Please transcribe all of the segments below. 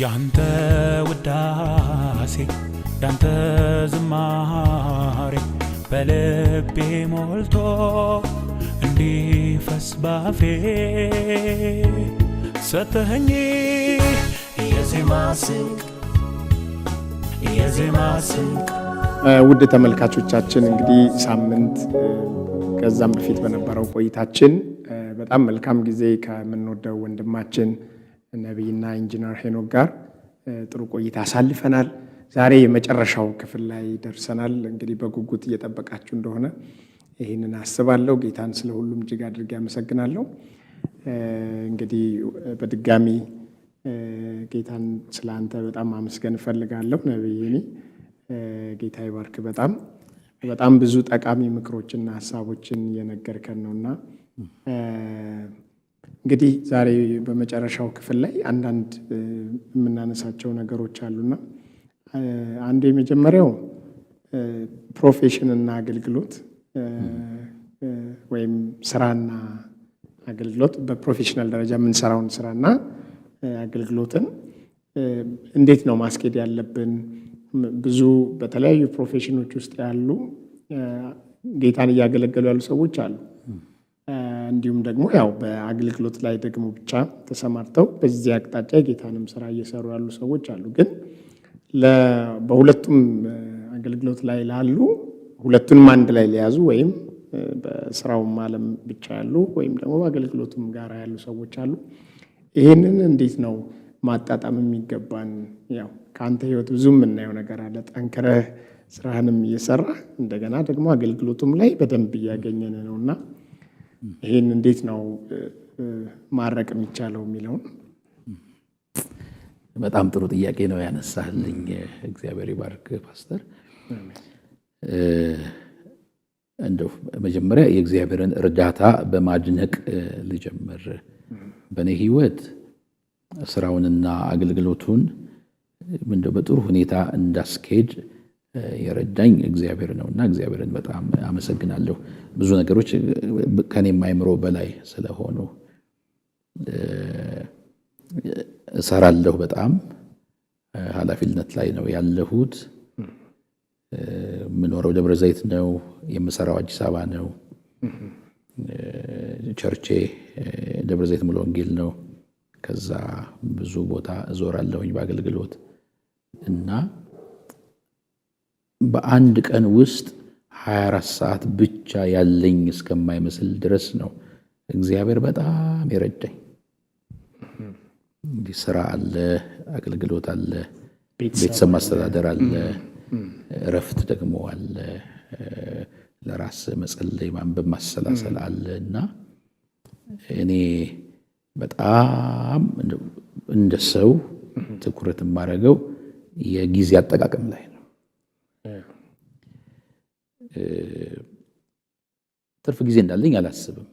ያንተ ውዳሴ ያንተ ዝማሬ በልቤ ሞልቶ እንዲፈስ ባፌ ሰተኸኝ የዜማ ስንቅ የዜማ ስንቅ። ውድ ተመልካቾቻችን እንግዲህ ሳምንት ከዛም በፊት በነበረው ቆይታችን በጣም መልካም ጊዜ ከምንወደው ወንድማችን ነቢይና ኢንጂነር ሄኖክ ጋር ጥሩ ቆይታ አሳልፈናል። ዛሬ የመጨረሻው ክፍል ላይ ደርሰናል። እንግዲህ በጉጉት እየጠበቃችሁ እንደሆነ ይህንን አስባለሁ። ጌታን ስለ ሁሉም እጅግ አድርጌ አመሰግናለሁ። እንግዲህ በድጋሚ ጌታን ስለ አንተ በጣም አመስገን እፈልጋለሁ። ነቢይኒ ጌታ ይባርክ። በጣም በጣም ብዙ ጠቃሚ ምክሮችና ሀሳቦችን የነገርከን ነውና እንግዲህ ዛሬ በመጨረሻው ክፍል ላይ አንዳንድ የምናነሳቸው ነገሮች አሉና አንዱ የመጀመሪያው ፕሮፌሽንና አገልግሎት ወይም ስራና አገልግሎት በፕሮፌሽናል ደረጃ የምንሰራውን ስራና አገልግሎትን እንዴት ነው ማስኬድ ያለብን? ብዙ በተለያዩ ፕሮፌሽኖች ውስጥ ያሉ ጌታን እያገለገሉ ያሉ ሰዎች አሉ። እንዲሁም ደግሞ ያው በአገልግሎት ላይ ደግሞ ብቻ ተሰማርተው በዚህ አቅጣጫ የጌታንም ስራ እየሰሩ ያሉ ሰዎች አሉ። ግን በሁለቱም አገልግሎት ላይ ላሉ ሁለቱንም አንድ ላይ ሊያዙ ወይም በስራውም ዓለም ብቻ ያሉ ወይም ደግሞ በአገልግሎቱም ጋር ያሉ ሰዎች አሉ። ይህንን እንዴት ነው ማጣጣም የሚገባን? ያው ከአንተ ህይወት ብዙ የምናየው ነገር አለ። ጠንክረህ ስራህንም እየሰራ እንደገና ደግሞ አገልግሎቱም ላይ በደንብ እያገኘን ነው እና ይህን እንዴት ነው ማድረቅ የሚቻለው የሚለውን በጣም ጥሩ ጥያቄ ነው ያነሳልኝ። እግዚአብሔር ይባርክ ፓስተር። እንደው መጀመሪያ የእግዚአብሔርን እርዳታ በማድነቅ ልጀምር። በእኔ ሕይወት ስራውንና አገልግሎቱን በጥሩ ሁኔታ እንዳስኬድ የረዳኝ እግዚአብሔር ነው እና እግዚአብሔርን በጣም አመሰግናለሁ። ብዙ ነገሮች ከኔም አይምሮ በላይ ስለሆኑ እሰራለሁ። በጣም ኃላፊነት ላይ ነው ያለሁት። የምኖረው ደብረ ዘይት ነው። የምሰራው አዲስ አበባ ነው። ቸርቼ ደብረ ዘይት ሙሉ ወንጌል ነው። ከዛ ብዙ ቦታ እዞራለሁኝ በአገልግሎት እና በአንድ ቀን ውስጥ 24 ሰዓት ብቻ ያለኝ እስከማይመስል ድረስ ነው እግዚአብሔር በጣም የረዳኝ። እንዲህ ስራ አለ፣ አገልግሎት አለ፣ ቤተሰብ ማስተዳደር አለ፣ እረፍት ደግሞ አለ፣ ለራስ መጸለይ፣ ማንበብ፣ ማሰላሰል አለ እና እኔ በጣም እንደ ሰው ትኩረት የማደርገው የጊዜ አጠቃቀም ላይ ትርፍ ጊዜ እንዳለኝ አላስብም።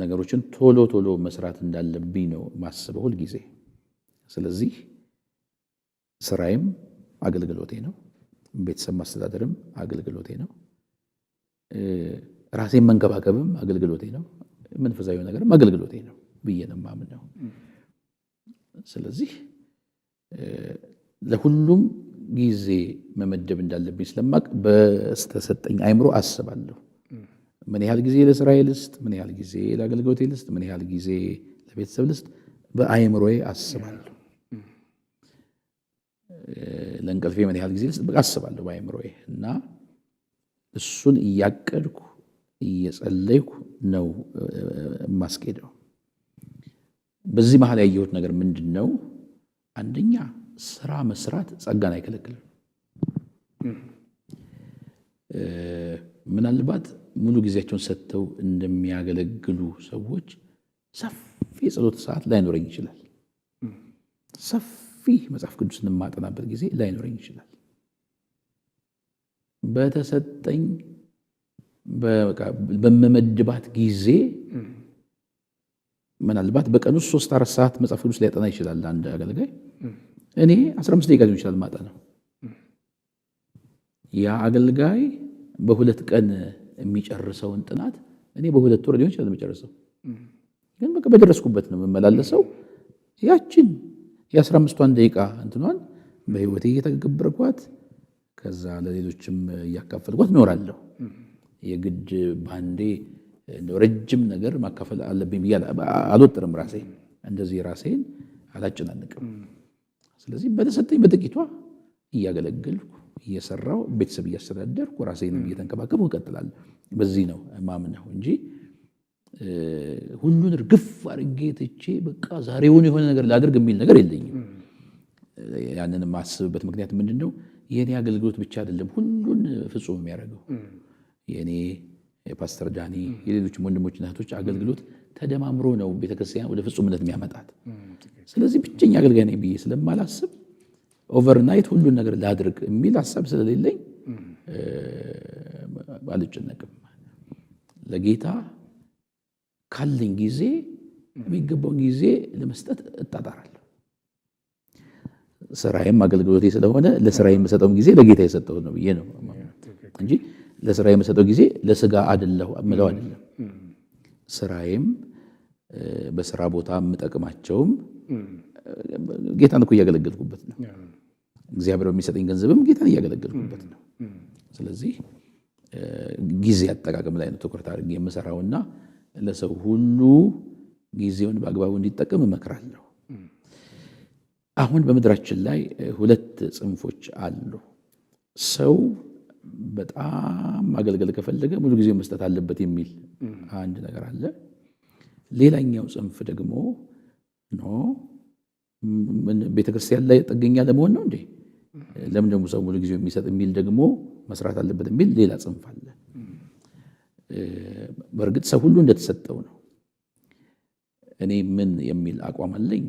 ነገሮችን ቶሎ ቶሎ መስራት እንዳለብኝ ነው ማስበው ሁል ጊዜ። ስለዚህ ስራዬም አገልግሎቴ ነው፣ ቤተሰብ ማስተዳደርም አገልግሎቴ ነው፣ ራሴን መንከባከብም አገልግሎቴ ነው፣ መንፈሳዊ ነገርም አገልግሎቴ ነው ብዬ ነው የማምነው። ስለዚህ ለሁሉም ጊዜ መመደብ እንዳለብኝ ስለማቅ በስተሰጠኝ አይምሮ አስባለሁ። ምን ያህል ጊዜ ለስራዬ ልስጥ፣ ምን ያህል ጊዜ ለአገልግሎቴ ልስጥ፣ ምን ያህል ጊዜ ለቤተሰብ ልስጥ፣ በአይምሮዬ አስባለሁ። ለእንቅልፌ ምን ያህል ጊዜ ልስጥ፣ በቃ አስባለሁ በአይምሮዬ እና እሱን እያቀድኩ እየጸለይኩ ነው የማስኬደው። በዚህ መሀል ያየሁት ነገር ምንድን ነው? አንደኛ ስራ መስራት ጸጋን አይከለክልም። ምናልባት ሙሉ ጊዜያቸውን ሰጥተው እንደሚያገለግሉ ሰዎች ሰፊ የጸሎት ሰዓት ላይኖረኝ ይችላል። ሰፊ መጽሐፍ ቅዱስ የማጠናበት ጊዜ ላይኖረኝ ይችላል። በተሰጠኝ በመመድባት ጊዜ ምናልባት በቀን ውስጥ ሶስት አራት ሰዓት መጽሐፍ ቅዱስ ሊያጠና ይችላል አንድ አገልጋይ። እኔ 15 ደቂቃ ሊሆን ይችላል ማጣ ነው። ያ አገልጋይ በሁለት ቀን የሚጨርሰውን ጥናት እኔ በሁለት ወር ሊሆን ይችላል የሚጨርሰው። ግን በቃ በደረስኩበት ነው የምመላለሰው። ያችን የ15ቷን ደቂቃ እንትኗን በህይወቴ እየተገበርኳት ከዛ ለሌሎችም እያካፈልኳት እኖራለሁ። የግድ ባንዴ ረጅም ነገር ማካፈል አለብኝ ብዬ አልወጥርም። ራሴ እንደዚህ ራሴን አላጨናንቅም። ስለዚህ በተሰጠኝ በጥቂቷ እያገለገልኩ እየሰራው ቤተሰብ እያስተዳደርኩ ራሴንም እየተንከባከብኩ እቀጥላለሁ። በዚህ ነው ማምነው እንጂ ሁሉን እርግፍ አድርጌ ትቼ በቃ ዛሬውን የሆነ ነገር ላድርግ የሚል ነገር የለኝም። ያንን የማስብበት ምክንያት ምንድን ነው? የእኔ አገልግሎት ብቻ አይደለም ሁሉን ፍጹም የሚያደርገው የእኔ የፓስተር ዳኒ የሌሎችም ወንድሞች እህቶች አገልግሎት ተደማምሮ ነው ቤተክርስቲያን ወደ ፍጹምነት የሚያመጣት። ስለዚህ ብቸኛ አገልጋይ ነኝ ብዬ ስለማላስብ ኦቨርናይት ሁሉን ነገር ላድርግ የሚል ሀሳብ ስለሌለኝ አልጨነቅም። ለጌታ ካለኝ ጊዜ የሚገባውን ጊዜ ለመስጠት እጣጣራለሁ። ስራዬም አገልግሎቴ ስለሆነ ለስራ የምሰጠውን ጊዜ ለጌታ የሰጠው ነው ብዬ ነው እንጂ ለስራ የምሰጠው ጊዜ ለስጋ አደለሁ ምለው አደለም። ስራዬም በስራ ቦታ የምጠቅማቸውም ጌታን እኮ እያገለገልኩበት ነው። እግዚአብሔር በሚሰጠኝ ገንዘብም ጌታን እያገለገልኩበት ነው። ስለዚህ ጊዜ አጠቃቀም ላይ ነው ትኩረት አድርጌ የምሰራውና ለሰው ሁሉ ጊዜውን በአግባቡ እንዲጠቀም እመክራለሁ። አሁን በምድራችን ላይ ሁለት ጽንፎች አሉ። ሰው በጣም ማገልገል ከፈለገ ሙሉ ጊዜ መስጠት አለበት የሚል አንድ ነገር አለ። ሌላኛው ጽንፍ ደግሞ ቤተክርስቲያን ቤተ ክርስቲያን ላይ ጥገኛ ለመሆን ነው እንዴ? ለምን ደግሞ ሰው ሙሉ የሚሰጥ የሚል ደግሞ መስራት አለበት የሚል ሌላ ጽንፍ አለ። በእርግጥ ሰው ሁሉ እንደተሰጠው ነው። እኔ ምን የሚል አቋም አለኝ?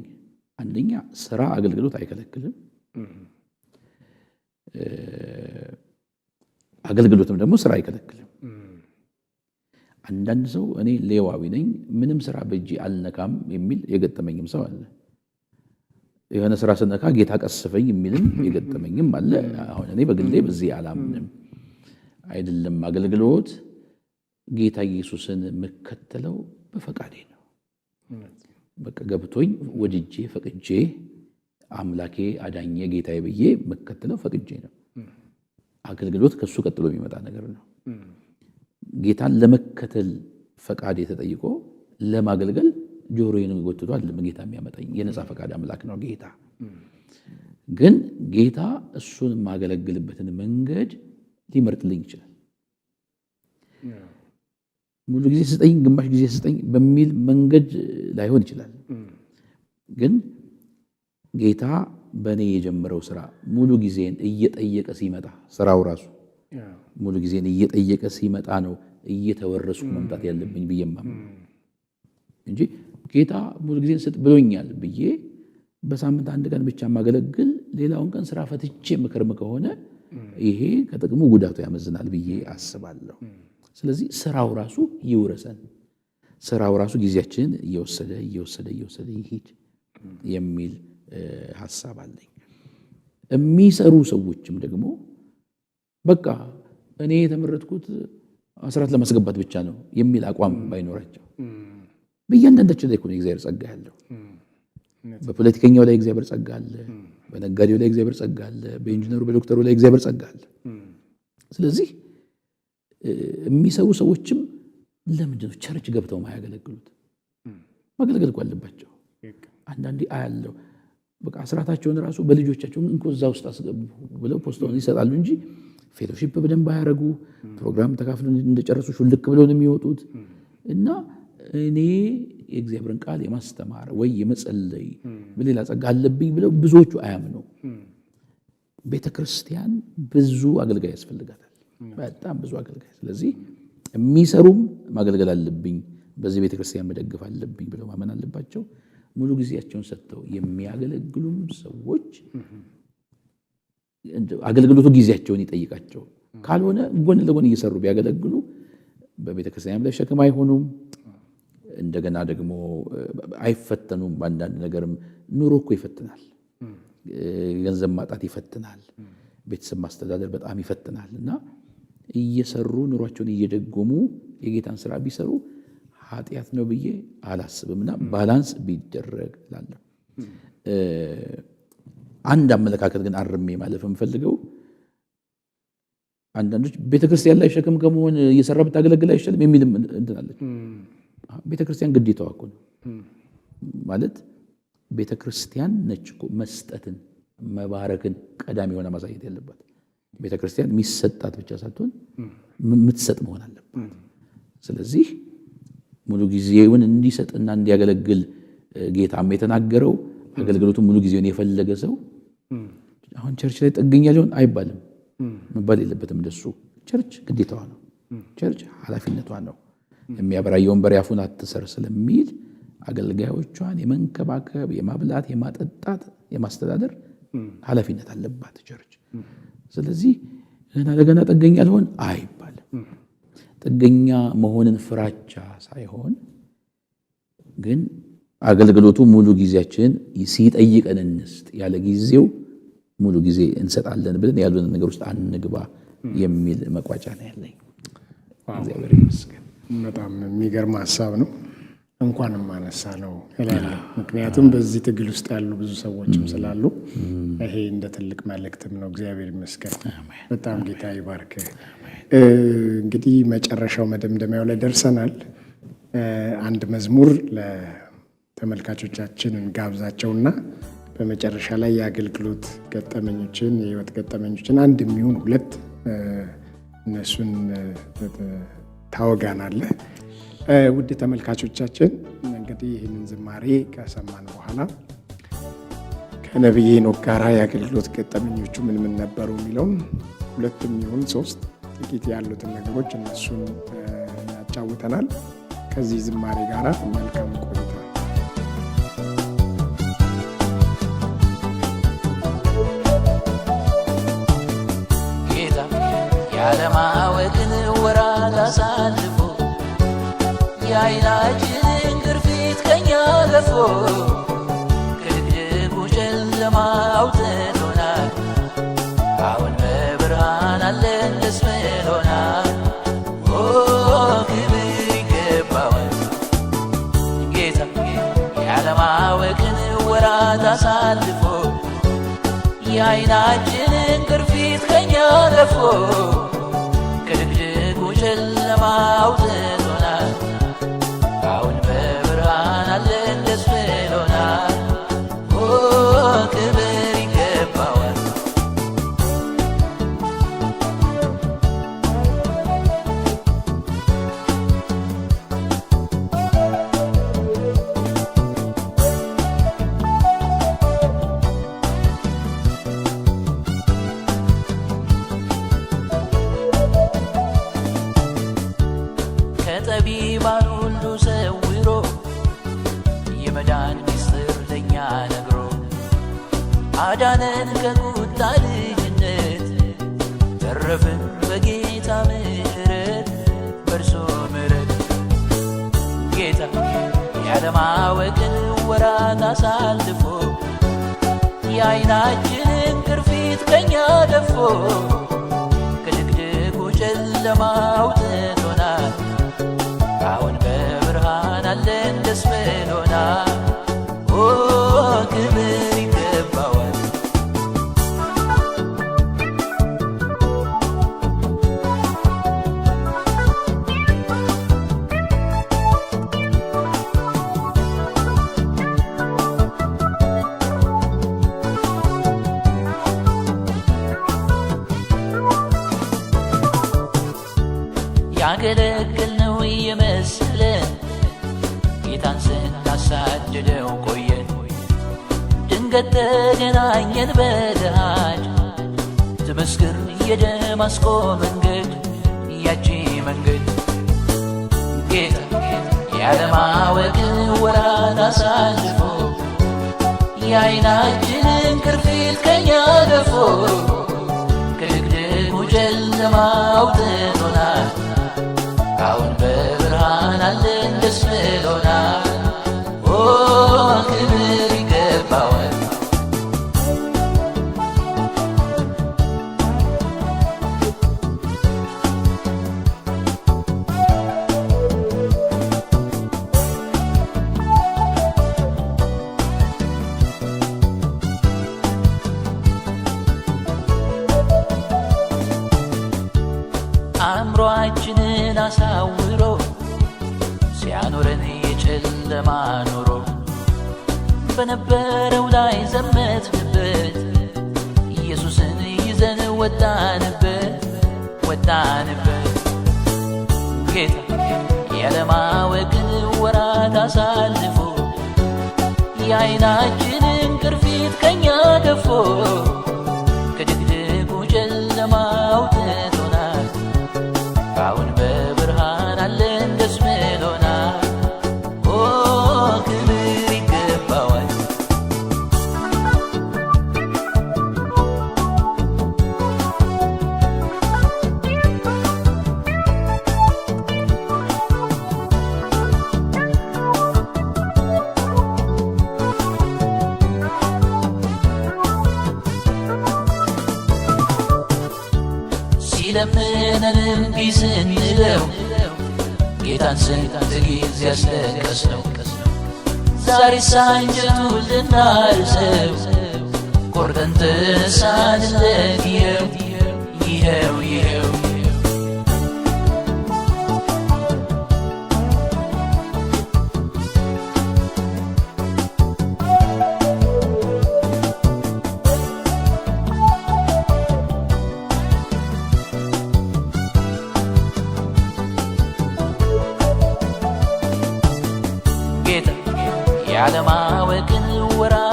አንደኛ ስራ አገልግሎት አይከለክልም። አገልግሎትም ደግሞ ስራ አይከለክልም። አንዳንድ ሰው እኔ ሌዋዊ ነኝ ምንም ስራ በእጅ አልነካም የሚል የገጠመኝም ሰው አለ። የሆነ ስራ ስነካ ጌታ ቀስፈኝ የሚልም የገጠመኝም አለ። አሁን እኔ በግሌ በዚህ አላምንም። አይደለም አገልግሎት ጌታ ኢየሱስን የምከተለው በፈቃዴ ነው። በቃ ገብቶኝ ወድጄ ፈቅጄ አምላኬ አዳኘ ጌታዬ ብዬ የምከተለው ፈቅጄ ነው። አገልግሎት ከሱ ቀጥሎ የሚመጣ ነገር ነው። ጌታን ለመከተል ፈቃድ የተጠይቆ ለማገልገል ጆሮዬን የሚጎትቱ አይደለም ጌታ የሚያመጣኝ። የነፃ ፈቃድ አምላክ ነው ጌታ። ግን ጌታ እሱን የማገለግልበትን መንገድ ሊመርጥልኝ ይችላል። ሙሉ ጊዜ ስጠኝ፣ ግማሽ ጊዜ ስጠኝ በሚል መንገድ ላይሆን ይችላል። ግን ጌታ በእኔ የጀመረው ስራ ሙሉ ጊዜን እየጠየቀ ሲመጣ ስራው ራሱ ሙሉ ጊዜን እየጠየቀ ሲመጣ ነው እየተወረስኩ መምጣት ያለብኝ ብዬ እንጂ ጌታ ሙሉ ጊዜ ስጥ ብሎኛል ብዬ በሳምንት አንድ ቀን ብቻ ማገለግል ሌላውን ቀን ስራ ፈትቼ ምክርም ከሆነ ይሄ ከጥቅሙ ጉዳቱ ያመዝናል ብዬ አስባለሁ። ስለዚህ ስራው ራሱ ይውረሰን። ስራው ራሱ ጊዜያችንን እየወሰደ እየወሰደ እየወሰደ ይሄድ የሚል ሀሳብ አለኝ። የሚሰሩ ሰዎችም ደግሞ በቃ እኔ የተመረጥኩት አስራት ለማስገባት ብቻ ነው የሚል አቋም ባይኖራቸው በእያንዳንዳቸው ላይ ኮን እግዚአብሔር ጸጋ ያለው በፖለቲከኛው ላይ እግዚአብሔር ጸጋ አለ፣ በነጋዴው ላይ እግዚአብሔር ጸጋ አለ፣ በኢንጂነሩ በዶክተሩ ላይ እግዚአብሔር ጸጋ አለ። ስለዚህ የሚሰሩ ሰዎችም ለምንድን ነው ቸርች ገብተው ማያገለግሉት? ማገልገል እኮ አለባቸው። አንዳንዴ አያለው በቃ አስራታቸውን ራሱ በልጆቻቸው እንኮ እዛ ውስጥ አስገቡ ብለው ፖስታውን ይሰጣሉ እንጂ ፌሎሺፕ በደንብ አያደረጉ ፕሮግራም ተካፍሎ እንደጨረሱ ሹልክ ብለው ነው የሚወጡት። እና እኔ የእግዚአብሔርን ቃል የማስተማር ወይ የመጸለይ በሌላ ጸጋ አለብኝ ብለው ብዙዎቹ አያምኑ። ቤተ ክርስቲያን ብዙ አገልጋይ ያስፈልጋታል፣ በጣም ብዙ አገልጋይ። ስለዚህ የሚሰሩም ማገልገል አለብኝ፣ በዚህ ቤተ ክርስቲያን መደገፍ አለብኝ ብለው ማመን አለባቸው። ሙሉ ጊዜያቸውን ሰጥተው የሚያገለግሉም ሰዎች አገልግሎቱ ጊዜያቸውን ይጠይቃቸው። ካልሆነ ጎን ለጎን እየሰሩ ቢያገለግሉ በቤተክርስቲያን ላይ ሸክም አይሆኑም። እንደገና ደግሞ አይፈተኑም። በአንዳንድ ነገርም ኑሮ እኮ ይፈትናል፣ ገንዘብ ማጣት ይፈትናል፣ ቤተሰብ ማስተዳደር በጣም ይፈትናል። እና እየሰሩ ኑሯቸውን እየደጎሙ የጌታን ስራ ቢሰሩ ኃጢአት ነው ብዬ አላስብም። እና ባላንስ ቢደረግ ላለው አንድ አመለካከት ግን አርሜ ማለፍ የምፈልገው አንዳንዶች ቤተክርስቲያን ላይ ሸክም ከመሆን እየሰራ ብታገለግል አይሻልም የሚልም እንትናለች። ቤተክርስቲያን ግዴታዋ እኮ ነው ማለት ቤተክርስቲያን ነች እኮ መስጠትን፣ መባረክን ቀዳሚ የሆነ ማሳየት ያለባት ቤተክርስቲያን የሚሰጣት ብቻ ሳትሆን የምትሰጥ መሆን አለባት። ስለዚህ ሙሉ ጊዜውን እንዲሰጥና እንዲያገለግል ጌታም የተናገረው አገልግሎቱን ሙሉ ጊዜውን የፈለገ ሰው አሁን ቸርች ላይ ጥገኛ ሊሆን አይባልም መባል የለበትም። እንደሱ ቸርች ግዴታዋ ነው፣ ቸርች ኃላፊነቷ ነው። የሚያበራ የወንበር ያፉን አትሰር ስለሚል አገልጋዮቿን የመንከባከብ የማብላት፣ የማጠጣት፣ የማስተዳደር ኃላፊነት አለባት ቸርች። ስለዚህ ገና ለገና ጥገኛ ሊሆን አይባልም። ጥገኛ መሆንን ፍራቻ ሳይሆን ግን አገልግሎቱ ሙሉ ጊዜያችን ሲጠይቀን እንስጥ ያለ ጊዜው ሙሉ ጊዜ እንሰጣለን ብለን ያሉን ነገር ውስጥ አንግባ የሚል መቋጫ ነው ያለኝ። እግዚአብሔር ይመስገን። በጣም የሚገርም ሀሳብ ነው። እንኳንም አነሳ ነው ምክንያቱም በዚህ ትግል ውስጥ ያሉ ብዙ ሰዎችም ስላሉ ይሄ እንደ ትልቅ መልእክትም ነው። እግዚአብሔር ይመስገን። በጣም ጌታ ይባርክ። እንግዲህ መጨረሻው መደምደሚያው ላይ ደርሰናል። አንድ መዝሙር ለተመልካቾቻችን እንጋብዛቸውና በመጨረሻ ላይ የአገልግሎት ገጠመኞችን የህይወት ገጠመኞችን አንድ የሚሆን ሁለት እነሱን ታወጋናለህ። ውድ ተመልካቾቻችን እንግዲህ ይህንን ዝማሬ ከሰማን በኋላ ከነቢይ ሄኖክ ጋር የአገልግሎት ገጠመኞቹ ምን ምን ነበሩ የሚለውን ሁለት የሚሆን ሶስት ጥቂት ያሉትን ነገሮች እነሱን ያጫውተናል። ከዚህ ዝማሬ ጋር መልካም ቆይታ ያለማወቅን ወራት አሳልፎ የዓይናችንን ግርፊት ከኛ ገፎ ከድቅድቁ ጨለማ አውጥቶናል። አሁን በብርሃን አለን ደስ ብሎናል። ክብር ይገባዋል ጌታ ያለማወቅን ወራት አሳልፎ የዓይናችንን ግርፊት ከኛ ገፎ thousand. ጌታ ያለማወቅን ወራት አሳልፎ የአይናችንን ቅርፊት ከኛ ገፎ ከድቅድቁ ጨለማውጥ ወዳጅ ትመስክር የደማስቆ መንገድ ያቺ መንገድ ጌታ ያለማወቅ ወራት አሳልፎ የዓይናችንን ቅርፊት ከኛ ገፎ ከድቅድቁ ጨለማ አውጥቶናል። አሁን በብርሃን አለን ደስ ብሎናል። ክብር ሲያኖረን የጨለማ ኑሮ በነበረው ላይ ዘመትንበት፣ ኢየሱስን ይዘን ወጣንበት ወጣንበት። ጌታ የለማወቅን ወራት አሳልፎ የዓይናችንን ቅርፊት ከኛ ገፎ ሲለምነንም ቢስንለው ጌታን ስንት ጊዜ ያስለቀስ ዛሬ ሳንጀቱ ልናርሰው ቆርጠን ተሳንለግየው ይኸው ይኸው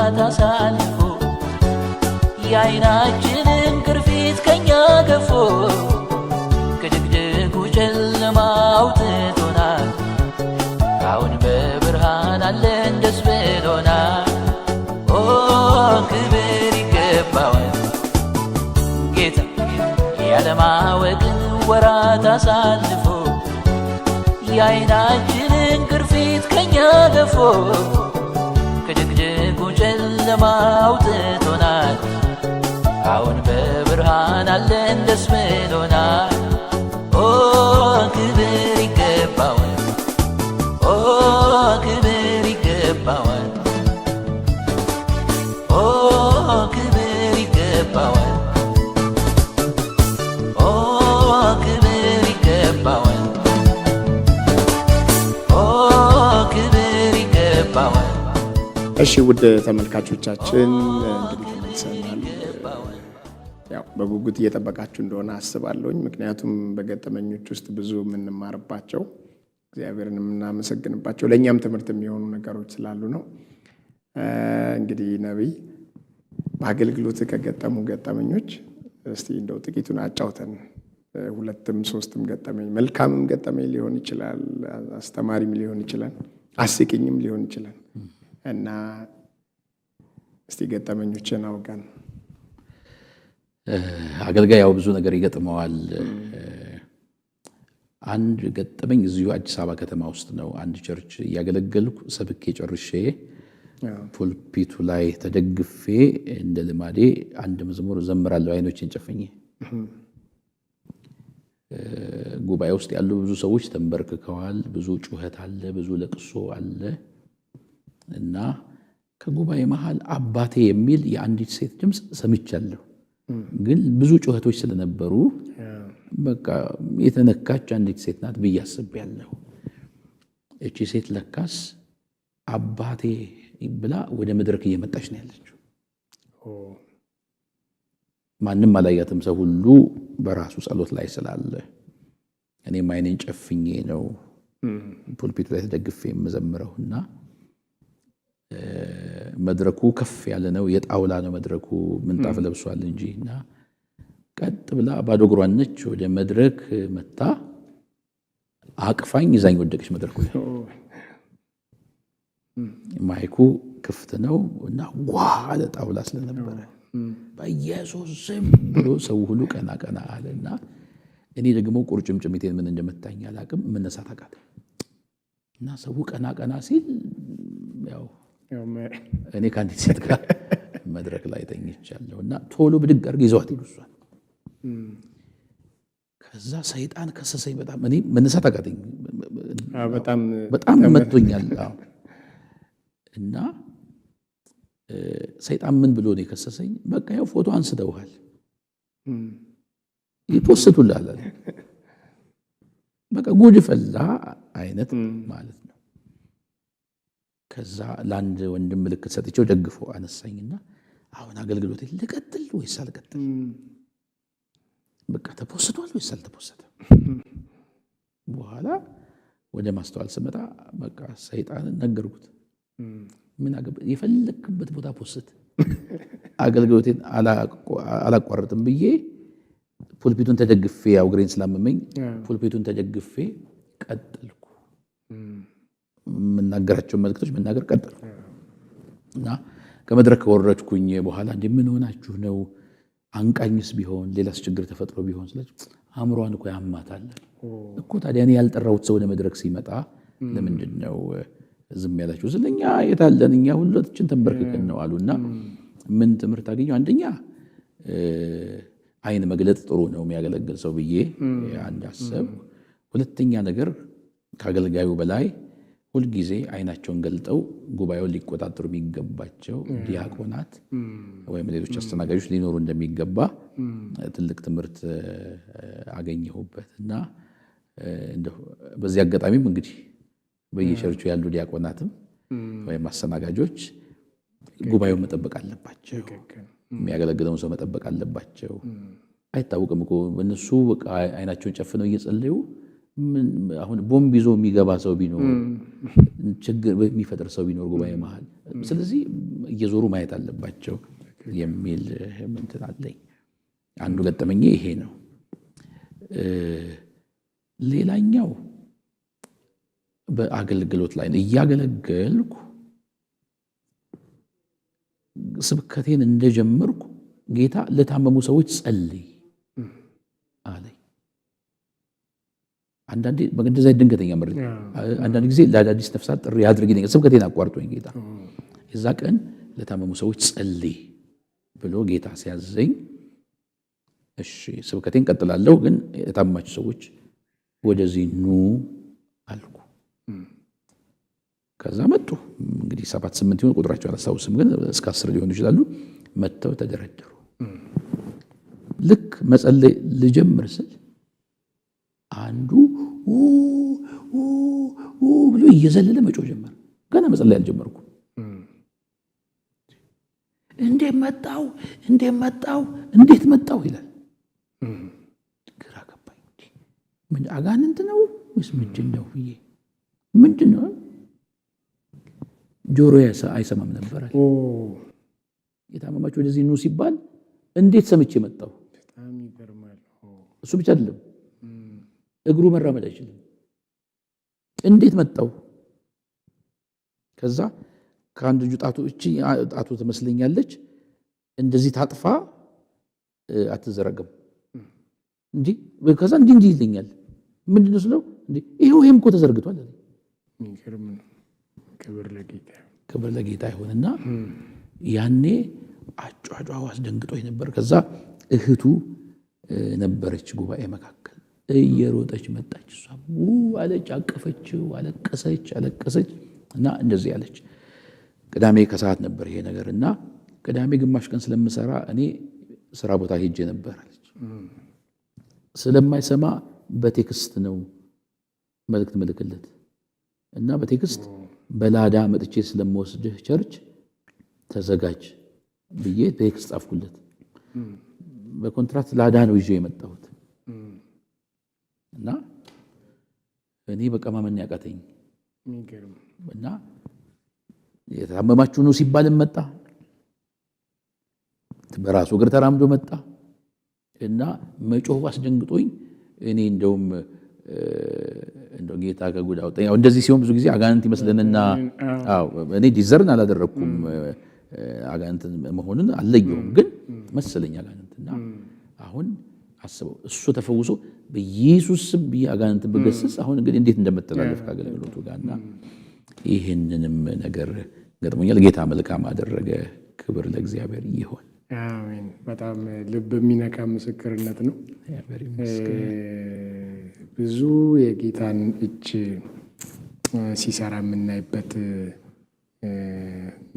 ቀናት አሳልፎ የዓይናችንን ቅርፊት ከኛ ገፎ ከድቅድቁ ጨለማ አውጥቶናል። አሁን በብርሃን አለን ደስ ብሎናል። ኦ ክብር ይገባዋል ጌታ ያለማወቅን ወራት አሳልፎ የዓይናችንን ቅርፊት ከኛ ገፎ ጨለማ አውጥቶናል። አሁን በብርሃን አለን ደስ ብሎናል። ኦ ክብር እሺ ውድ ተመልካቾቻችን እንግዲህ መልሰናል። ያው በጉጉት እየጠበቃችሁ እንደሆነ አስባለሁኝ። ምክንያቱም በገጠመኞች ውስጥ ብዙ የምንማርባቸው እግዚአብሔርን የምናመሰግንባቸው ለእኛም ትምህርት የሚሆኑ ነገሮች ስላሉ ነው። እንግዲህ ነቢይ በአገልግሎት ከገጠሙ ገጠመኞች እስቲ እንደው ጥቂቱን አጫውተን ሁለትም ሶስትም ገጠመኝ መልካምም ገጠመኝ ሊሆን ይችላል፣ አስተማሪም ሊሆን ይችላል፣ አስቂኝም ሊሆን ይችላል። እና እስቲ ገጠመኞችን አውቀን አገልጋይ ያው ብዙ ነገር ይገጥመዋል። አንድ ገጠመኝ እዚሁ አዲስ አበባ ከተማ ውስጥ ነው። አንድ ቸርች እያገለገልኩ ሰብኬ ጨርሼ ፑልፒቱ ላይ ተደግፌ እንደ ልማዴ አንድ መዝሙር ዘምራለሁ አይኖችን ጨፍኜ። ጉባኤ ውስጥ ያሉ ብዙ ሰዎች ተንበርክከዋል። ብዙ ጩኸት አለ፣ ብዙ ለቅሶ አለ። እና ከጉባኤ መሃል አባቴ የሚል የአንዲት ሴት ድምፅ ሰምቻለሁ። ግን ብዙ ጩኸቶች ስለነበሩ በቃ የተነካች አንዲት ሴት ናት ብዬ አስቤያለሁ። እቺ ሴት ለካስ አባቴ ብላ ወደ መድረክ እየመጣች ነው ያለችው። ማንም አላያትም። ሰው ሁሉ በራሱ ጸሎት ላይ ስላለ እኔም አይኔን ጨፍኜ ነው ፑልፒቱ ላይ ተደግፌ የምዘምረውና መድረኩ ከፍ ያለ ነው። የጣውላ ነው መድረኩ፣ ምንጣፍ ለብሷል እንጂ እና ቀጥ ብላ ባዶ እግሯን ነች ወደ መድረክ መታ፣ አቅፋኝ ይዛኝ ወደቀች። መድረኩ ማይኩ ክፍት ነው እና ዋ አለ ጣውላ ስለነበረ በኢየሱስ ስም ብሎ ሰው ሁሉ ቀና ቀና አለ እና እኔ ደግሞ ቁርጭምጭሚቴን ምን እንደመታኝ አላቅም፣ መነሳት አቃተኝ እና ሰው ቀና ቀና ሲል ያው እኔ ከአንዲት ሴት ጋር መድረክ ላይ ተኝቻለሁ እና ቶሎ ብድግ አድርግ ይዘዋት ይሉሷል። ከዛ ሰይጣን ከሰሰኝ በጣም እኔ መነሳት አቃተኝ፣ በጣም መቶኛል እና ሰይጣን ምን ብሎ ነው የከሰሰኝ? በቃ ያው ፎቶ አንስተውሃል ይፖስቱልሃል፣ በቃ ጉድ ፈላ አይነት ማለት ነው። ከዛ ለአንድ ወንድም ምልክት ሰጥቼው ደግፎ አነሳኝና አሁን አገልግሎት ልቀጥል ወይስ አልቀጥል? በቃ ተፖስቷል ወይስ አልተፖሰተ? በኋላ ወደ ማስተዋል ስመጣ በቃ ሰይጣንን ነገርኩት። ምን የፈለግክበት ቦታ ፖስት፣ አገልግሎቴን አላቋርጥም ብዬ ፑልፒቱን ተደግፌ ያው ግሬን ስላመመኝ ፑልፒቱን ተደግፌ ቀጥልኩ። የምናገራቸውን መልክቶች መናገር ቀጠል እና ከመድረክ ከወረድኩኝ በኋላ እንዲህ ምን ሆናችሁ ነው? አንቃኝስ ቢሆን ሌላስ ችግር ተፈጥሮ ቢሆን ስለች አእምሯን እኮ ያማታል እኮ ታዲያ እኔ ያልጠራሁት ሰው ለመድረክ ሲመጣ ለምንድን ነው ዝም ያላችሁ? ስለ እኛ የታለን እኛ ሁለችን ተንበርክክን ነው አሉና ምን ትምህርት አገኘሁ? አንደኛ አይን መግለጥ ጥሩ ነው የሚያገለግል ሰው ብዬ አንድ አሰብ። ሁለተኛ ነገር ከአገልጋዩ በላይ ሁልጊዜ አይናቸውን ገልጠው ጉባኤውን ሊቆጣጠሩ የሚገባቸው ዲያቆናት ወይም ሌሎች አስተናጋጆች ሊኖሩ እንደሚገባ ትልቅ ትምህርት አገኘሁበት እና በዚህ አጋጣሚም እንግዲህ በየቸርቹ ያሉ ዲያቆናትም ወይም አስተናጋጆች ጉባኤውን መጠበቅ አለባቸው። የሚያገለግለውን ሰው መጠበቅ አለባቸው። አይታወቅም እኮ እነሱ በቃ አይናቸውን ጨፍነው እየጸለዩ አሁን ቦምብ ይዞ የሚገባ ሰው ቢኖር ችግር የሚፈጥር ሰው ቢኖር ጉባኤ መሀል፣ ስለዚህ እየዞሩ ማየት አለባቸው የሚል እንትን አለኝ። አንዱ ገጠመኝ ይሄ ነው። ሌላኛው በአገልግሎት ላይ እያገለገልኩ ስብከቴን እንደጀመርኩ ጌታ ለታመሙ ሰዎች ጸልይ አንዳንዴ ዛይ ድንገተኛ መረጃ አንዳንድ ጊዜ ለአዳዲስ ነፍሳት ጥሪ አድርግልኝ ስብከቴን አቋርጦኝ ጌታ የዛ ቀን ለታመሙ ሰዎች ጸልይ ብሎ ጌታ ሲያዘኝ፣ እሺ ስብከቴን ቀጥላለሁ፣ ግን የታመማችሁ ሰዎች ወደዚህ ኑ አልኩ። ከዛ መጡ። እንግዲህ ሰባት ስምንት ሆን ቁጥራቸው አላስታውስም፣ ግን እስከ አስር ሊሆኑ ይችላሉ። መጥተው ተደረደሩ። ልክ መጸለይ ልጀምር ስል አንዱ ብሎ እየዘለለ መጮ ጀመር። ገና መጸለይ አልጀመርኩ። እንዴት መጣው? እንዴት መጣው? እንዴት መጣው ይላል። ግራ ገባኝ። ምን አጋንንት ነው ወይስ ምንድን ነው ብዬ ምንድን ነው ጆሮ አይሰማም ነበራል። የታመማቸው ወደዚህ ኑ ሲባል እንዴት ሰምቼ መጣው? እሱ ብቻ አይደለም እግሩ መራመድ አይችልም። እንዴት መጣው? ከዛ ከአንድ እጁ ጣቱ እቺ ጣቱ ትመስለኛለች እንደዚህ ታጥፋ አትዘረግም እንጂ ከዛ እንዲህ እንዲህ ይለኛል። ምንድን ነው ስለው ይሄው ይሄም እኮ ተዘርግቷል። ክብር ለጌታ ይሆንና ያኔ አጫጫዋ አስደንግጦ ነበር። ከዛ እህቱ ነበረች ጉባኤ መካከል እየሮጠች መጣች። እሷ አለች፣ አቀፈችው፣ አለቀሰች አለቀሰች እና እንደዚህ አለች። ቅዳሜ ከሰዓት ነበር ይሄ ነገር እና ቅዳሜ ግማሽ ቀን ስለምሰራ እኔ ስራ ቦታ ሄጄ ነበር አለች። ስለማይሰማ በቴክስት ነው መልእክት ምልክለት እና በቴክስት በላዳ መጥቼ ስለምወስድህ ቸርች ተዘጋጅ ብዬ ቴክስት ጻፍኩለት። በኮንትራት ላዳ ነው ይዤ የመጣሁት እና እኔ በቃ ማመን ያቃተኝ እና የታመማችሁ ነው ሲባልም መጣ። በራሱ እግር ተራምዶ መጣ እና መጮህ አስደንግጦኝ እኔ እንደውም እንደው ጌታ ከጉድ አውጣኝ። እንደዚህ ሲሆን ብዙ ጊዜ አጋንንት ይመስለንና እኔ ዲዘርን አላደረግኩም አጋንንት መሆኑን አለየሁም፣ ግን መሰለኝ አጋንንትና አሁን አስበው እሱ ተፈውሶ በኢየሱስ ስም ብዬ አጋንንትን ብገስጽ አሁን እንግዲህ እንዴት እንደምተላለፍ ከአገልግሎቱ ጋርና ይህንንም ነገር ገጥሞኛል። ጌታ መልካም አደረገ። ክብር ለእግዚአብሔር ይሆን። አሜን። በጣም ልብ የሚነካ ምስክርነት ነው። ብዙ የጌታን እጅ ሲሰራ የምናይበት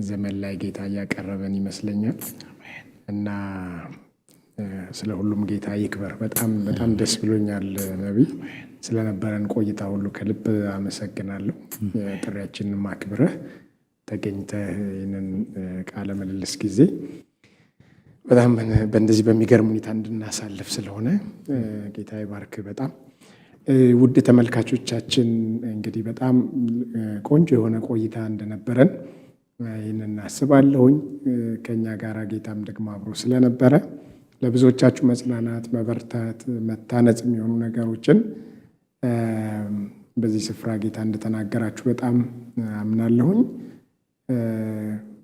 ዘመን ላይ ጌታ እያቀረበን ይመስለኛል እና ስለ ሁሉም ጌታ ይክበር። በጣም በጣም ደስ ብሎኛል ነቢይ፣ ስለነበረን ቆይታ ሁሉ ከልብ አመሰግናለሁ። ጥሪያችንን ማክብረህ ተገኝተህ ይህንን ቃለ ምልልስ ጊዜ በጣም በእንደዚህ በሚገርም ሁኔታ እንድናሳልፍ ስለሆነ ጌታ ይባርክ። በጣም ውድ ተመልካቾቻችን እንግዲህ በጣም ቆንጆ የሆነ ቆይታ እንደነበረን ይህንን እናስባለሁኝ። ከእኛ ጋር ጌታም ደግሞ አብሮ ስለነበረ ለብዙዎቻችሁ መጽናናት፣ መበርታት፣ መታነጽ የሚሆኑ ነገሮችን በዚህ ስፍራ ጌታ እንደተናገራችሁ በጣም አምናለሁኝ።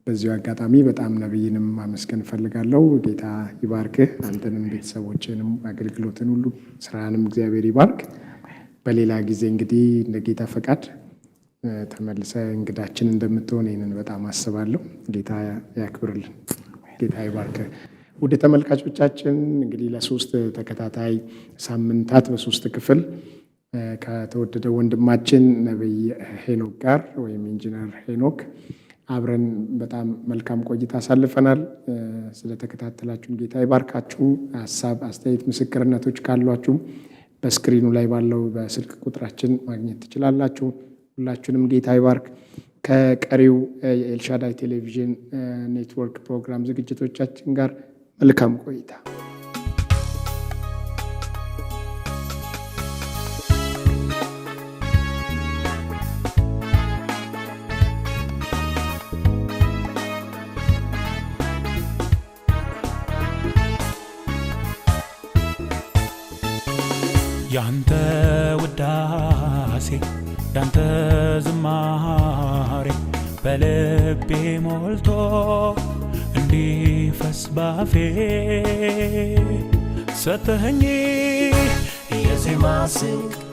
በዚሁ አጋጣሚ በጣም ነብይንም ማመስገን እፈልጋለሁ። ጌታ ይባርክህ፣ አንተንም ቤተሰቦችንም አገልግሎትን ሁሉ ስራንም እግዚአብሔር ይባርክ። በሌላ ጊዜ እንግዲህ እንደ ጌታ ፈቃድ ተመልሰ እንግዳችን እንደምትሆን ይህንን በጣም አስባለሁ። ጌታ ያክብርልን። ጌታ ይባርክህ። ውድ ተመልካቾቻችን እንግዲህ ለሶስት ተከታታይ ሳምንታት በሶስት ክፍል ከተወደደ ወንድማችን ነቢይ ሄኖክ ጋር ወይም ኢንጂነር ሄኖክ አብረን በጣም መልካም ቆይታ አሳልፈናል። ስለተከታተላችሁን ጌታ ይባርካችሁ። ሀሳብ፣ አስተያየት፣ ምስክርነቶች ካሏችሁ በስክሪኑ ላይ ባለው በስልክ ቁጥራችን ማግኘት ትችላላችሁ። ሁላችሁንም ጌታ ይባርክ። ከቀሪው የኤልሻዳይ ቴሌቪዥን ኔትወርክ ፕሮግራም ዝግጅቶቻችን ጋር መልካም ቆይታ። ያንተ ውዳሴ ያንተ ዝማሬ በልቤ ሞልቶ ፈስ ባፌ ሰተኸኝ የዜማ ስንቅ